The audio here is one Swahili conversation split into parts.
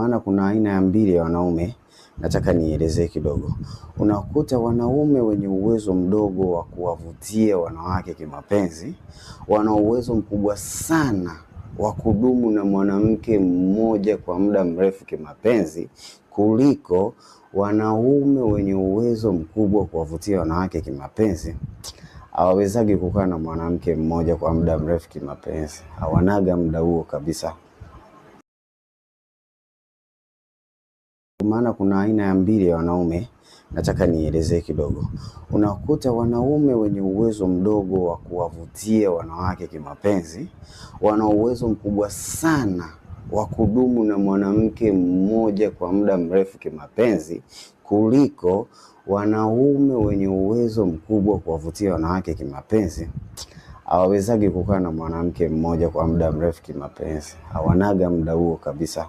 maana kuna aina ya mbili ya wanaume nataka nielezee kidogo. Unakuta wanaume wenye uwezo mdogo wa kuwavutia wanawake kimapenzi wana uwezo mkubwa sana wa kudumu na mwanamke mmoja kwa muda mrefu kimapenzi kuliko wanaume wenye uwezo mkubwa wa kuwavutia wanawake kimapenzi hawawezagi kukaa na mwanamke mmoja kwa muda mrefu kimapenzi, hawanaga muda huo kabisa. Kwa maana kuna aina ya mbili ya wanaume, nataka nielezee kidogo. Unakuta wanaume wenye uwezo mdogo wa kuwavutia wanawake kimapenzi, wana uwezo mkubwa sana wa kudumu na mwanamke mmoja kwa muda mrefu kimapenzi kuliko wanaume wenye uwezo mkubwa wa kuwavutia wanawake kimapenzi hawawezagi kukaa na mwanamke mmoja kwa muda mrefu kimapenzi, hawanaga muda huo kabisa.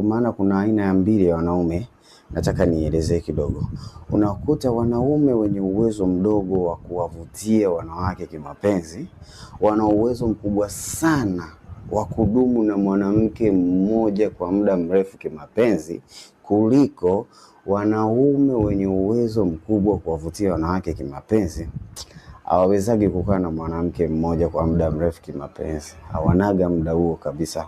Kwa maana kuna aina ya mbili ya wanaume, nataka nielezee kidogo. Unakuta wanaume wenye uwezo mdogo wa kuwavutia wanawake kimapenzi, wana uwezo mkubwa sana wa kudumu na mwanamke mmoja kwa muda mrefu kimapenzi kuliko wanaume wenye uwezo mkubwa wa kuwavutia wanawake kimapenzi hawawezagi kukaa na mwanamke mmoja kwa muda mrefu kimapenzi, hawanaga muda huo kabisa.